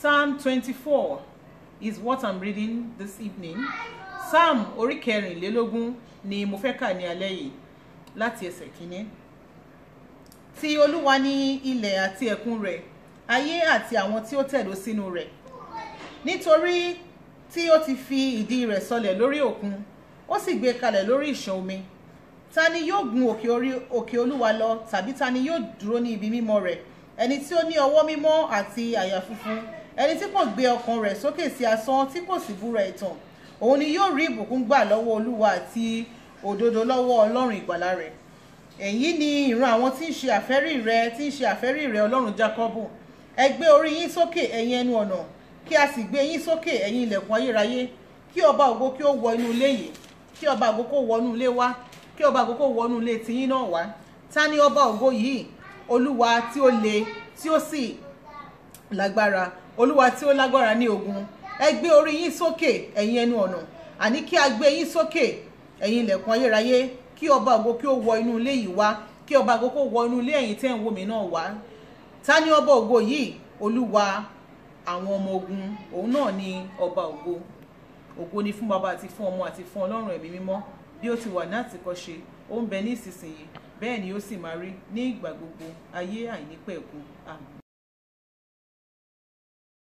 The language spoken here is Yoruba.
Psalm 24 is what I'm reading this evening. Psalm orí kẹrìnlélógún ni mo fẹ́ kà ní alẹ́ yìí láti ẹsẹ̀ kínní. Ti Olúwa ni ilẹ̀ àti ẹ̀kún rẹ̀, ayé àti àwọn tí ó tẹ̀dó sínú rẹ̀. Nítorí tí ó ti fi ìdí rẹ̀ sọlẹ̀ lórí òkun, ó sì gbé kalẹ̀ lórí ìṣàn omi. Ta ni yóò gun òkè orí òkè Olúwa lọ tàbí ta ni yóò dúró ní ibi mímọ́ rẹ̀? Ẹni tí ó ní ọwọ́ mímọ́ àti àyà funfun ẹni tí kò gbé ọkàn rẹ̀ sókè sí asán tí kò sì búra ẹ̀tàn òun ni yóò rí ìbùkún gbà lọ́wọ́ olúwa àti òdodo lọ́wọ́ ọlọ́run ìgbàlà rẹ̀ èyí ni ìran àwọn tí ń ṣe àfẹ́rí rẹ tí ń ṣe àfẹ́rí rẹ ọlọ́run jákọ́bù ẹ gbé orí yín sókè ẹ̀yin ẹnu ọ̀nà kí a sì gbé yín sókè ẹ̀yin ilẹ̀kùn ayérayé kí ọba ògo kí ó wọ inú ilé yìí kí ọba ògo kó wọ inú ilé wa kí ọba ògo kó wọ inú ilé tiyín náà wá ta ni ọba ògo yìí olúwa tí ó le tí ó sì lágbára olúwa tí ó lágbára ní ogun ẹ gbé orí yín sókè ẹ̀yin ẹnu ọ̀nà àní kí a gbé yín sókè ẹ̀yin ilẹ̀kùn ayérayé kí ọba ògo kí ó wọ inú ilé yìí wá kí ọba ògo kó wọ inú ilé ẹ̀yin tẹ́ ń wò mí náà wá ta ni ọba ògo yìí olúwa àwọn ọmọ ogun òun náà ni ọba ògo ògo ni fún baba àti fún ọmọ àti fún ọlọ́run ẹ̀mí mímọ́ bí ó ti wà ní àtìkọ́ṣe ó ń bẹ ní ìsinsìnyí bẹ́ẹ̀ ni ó sì máa rí ní ìgbà gbogbo ayé àìnípẹ̀kun àmín